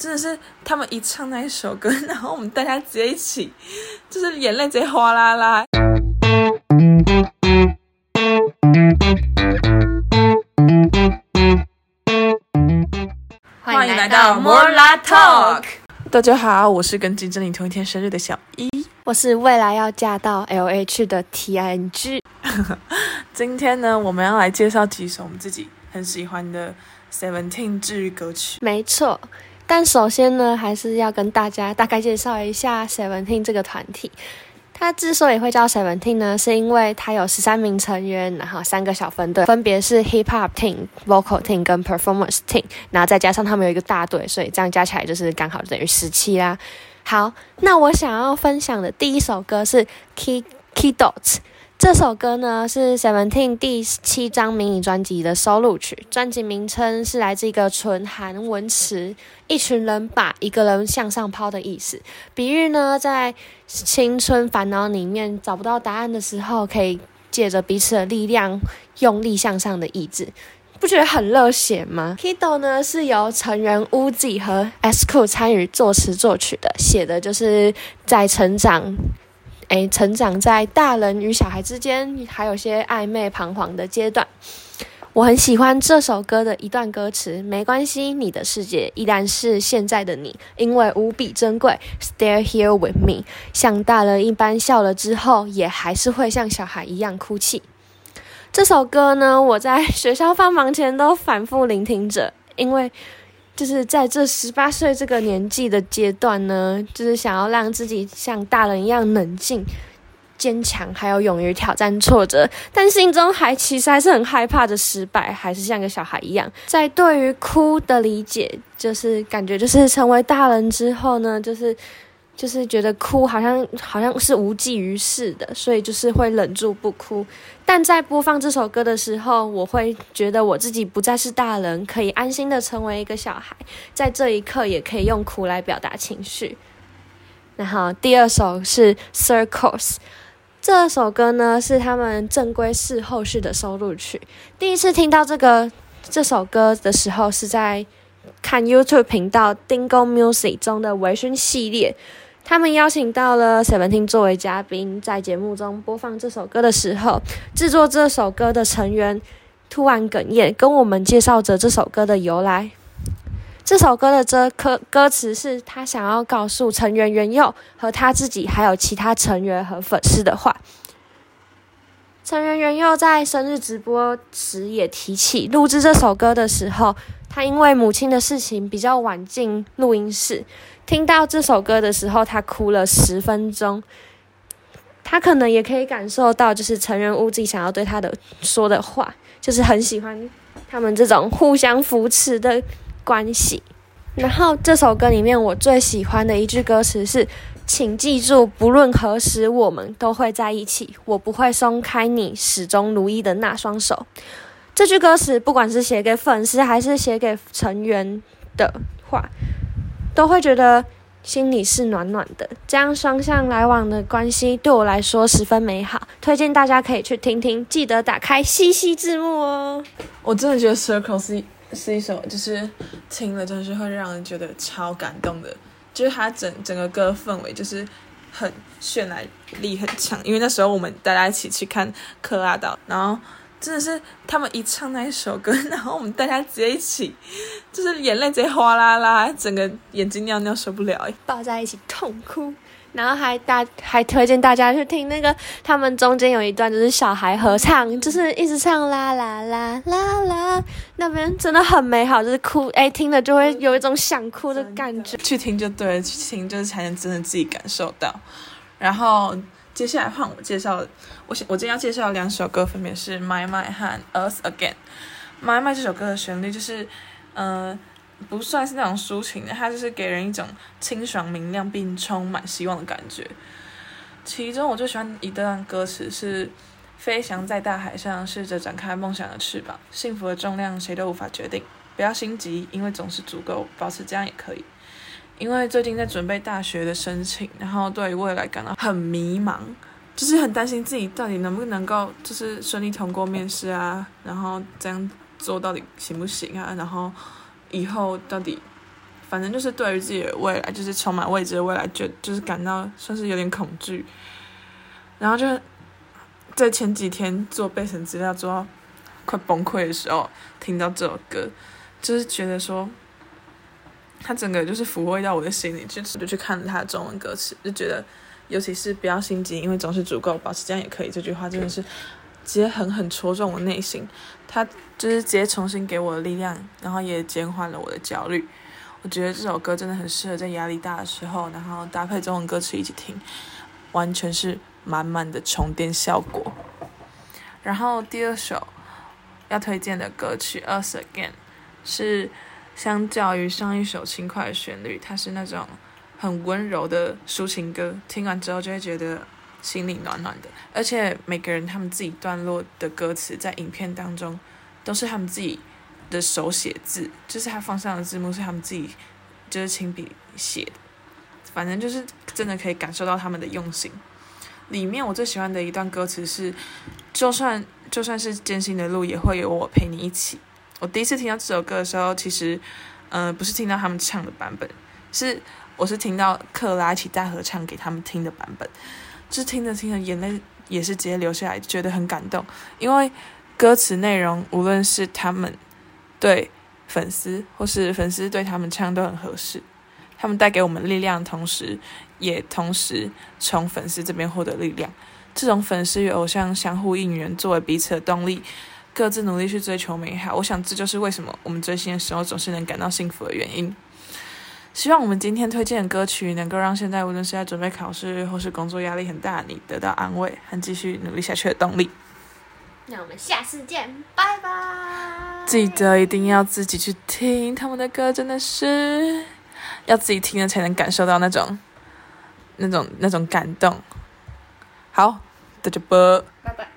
真的是他們一唱那一首歌，然後我們大家直接一起，就是眼淚直接嘩啦啦。歡迎來到 More Love Talk。大家好，我是跟金正凛同一天生日的小一，我是未來要嫁到 LH 的 TNG。 今天呢，我們要來介紹幾首我們自己很喜歡的 Seventeen 治癒歌曲。沒錯。但首先呢，還是要跟大家大概介紹一下 Seventeen 這個團體。它之所以會叫 Seventeen 呢，是因為它有十三名成員，然後三個小分隊，分別是 Hip Hop Team、Vocal Team 跟 Performance Team，然後再加上他們有一個大隊，所以這樣加起來就是剛好等於十七啦。好，那我想要分享的第一首歌是 Kidult。這首歌呢是 Seventeen 第七張迷你專輯的收錄曲，專輯名稱是來自一個純韓文詞，一群人把一個人向上拋的意思。比喻呢，在青春煩惱裡面找不到答案的時候，可以借着彼此的力量，用力向上的意志，不覺得很熱血嗎？呢《Kido》呢是由成員 Woozi 和 S.Coups 參與作詞作曲的，寫的就是在成長。誒，成長在大人與小孩之間，還有些曖昧彷徨的階段。我很喜歡這首歌的一段歌詞：“沒關係，你的世界依然是現在的你，因為無比珍貴。” Stay here with me，像大人一般笑了之後，也還是會像小孩一樣哭泣。這首歌呢，我在學校放榜前都反復聆聽着，因為。就是在這十八歲這個年紀的階段呢，就是想要讓自己像大人一樣冷靜、堅強，還有勇於挑戰挫折，但心中還其實還是很害怕著失敗，還是像個小孩一樣。在對於哭的理解，就是感覺就是成為大人之後呢，就是。就是覺得哭好像好像是無濟於事的，所以就是會忍住不哭。但在播放這首歌的時候，我會覺得我自己不再是大人，可以安心的成為一個小孩，在這一刻也可以用哭來表達情緒。然後第二首是《Circles》，這首歌呢是他們正規四後續的收錄曲。第一次聽到這個這首歌的時候，是在看 YouTube 頻道 Dingo Music 中的微醺系列。他們邀請到了 SEVENTEEN 作為嘉賓，在節目中播放這首歌的時候，制作這首歌的成員突然哽咽，跟我們介紹着這首歌的由來。這首歌的這歌歌詞是他想要告訴成員元佑和他自己，還有其他成員和粉絲的話。成員元佑在生日直播時也提起，錄制這首歌的時候。他因為母親的事情比較晚進錄音室，聽到這首歌的時候，他哭了十分鐘。他可能也可以感受到，就是成人屋自己想要對他的說的話，就是很喜歡他們這種互相扶持的關係。然後這首歌裡面我最喜歡的一句歌詞是：“請記住，不論何時，我們都會在一起，我不會鬆開你始終如一的那雙手。”這句歌詞，不管是寫給粉絲還是寫給成員的話，都會覺得心裡是暖暖的。這樣雙向來往的關係，對我來說十分美好。推薦大家可以去聽聽，記得打開 CC 字幕哦。我真的覺得《Circle》是一是一首，就是聽了真的是會讓人覺得超感動的。就是它整整個歌氛圍就是很渲染力很強，因為那時候我們大家一起去看克拉島，然後。真的是他們一唱那一首歌，然後我們大家直接一起，就是眼淚直接嘩啦啦，整個眼睛尿尿受不了，抱在一起痛哭，然後還大還推薦大家去聽那個，他們中間有一段就是小孩合唱，就是一直唱啦啦啦啦啦，那邊真的很美好，就是哭，誒，聽了就會有一種想哭的感覺。的去聽就對了，去聽就是才能真的自己感受到，然後。接下來換我介紹，我我今天要介紹兩首歌，分別是《My My》和《Us Again》。《My My》這首歌的旋律就是，呃，不算是那種抒情的，它就是給人一種清爽明亮並充滿希望的感覺。其中我最喜歡一段歌詞是：“飛翔在大海上，試着展開夢想的翅膀，幸福的重量誰都無法決定，不要心急，因為總是足夠，保持這樣也可以。”因為最近在準備大學的申請，然後對於未來感到很迷茫，就是很擔心自己到底能不能夠，就是順利通過面試啊，然後這樣做到底行不行啊？然後以後到底，反正就是對於自己的未來，就是充滿未知的未來，就是、就是感到算是有點恐懼。然後就在前幾天做備審資料，做到快崩潰的時候，聽到這首歌，就是覺得說。他整個就是撫慰到我的心裡，就直、是、就去看了他的中文歌詞，就覺得，尤其是不要心急，因為總是足夠，保持這樣也可以。這句話真的是，直接狠狠戳中我內心，他就是直接重新給我的力量，然後也減緩了我的焦慮。我覺得這首歌真的很適合在壓力大的時候，然後搭配中文歌詞一起聽，完全是滿滿的充電效果。然後第二首要推薦的歌曲《Us Again》是。相較於上一首輕快的旋律，它是那種很溫柔的抒情歌，聽完之後就會覺得心裡暖暖的。而且每個人他們自己段落的歌詞在影片當中都是他們自己的手寫字，就是他放上的字幕是他們自己就是親筆寫的，反正就是真的可以感受到他們的用心。裡面我最喜歡的一段歌詞是：就算就算是艱辛的路，也會有我陪你一起。我第一次聽到這首歌的時候，其實，嗯、呃，不是聽到他們唱的版本，是我是聽到克拉奇大合唱給他們聽的版本，就是聽着聽着，眼淚也是直接流下來，覺得很感動。因為歌詞內容，無論是他們對粉絲，或是粉絲對他們唱，都很合適。他們帶給我們力量，同時也同時從粉絲這邊獲得力量。這種粉絲與偶像相互應援，作為彼此的動力。各自努力去追求美好，我想這就是為什麼我們追星的時候總是能感到幸福的原因。希望我們今天推薦的歌曲能夠讓現在無論是在準備考試或是工作壓力很大，你得到安慰和繼續努力下去的動力。那我們下次見，拜拜！記得一定要自己去聽他們的歌，真的是要自己聽了才能感受到那種、那種、那種感動。好，大家播，拜拜。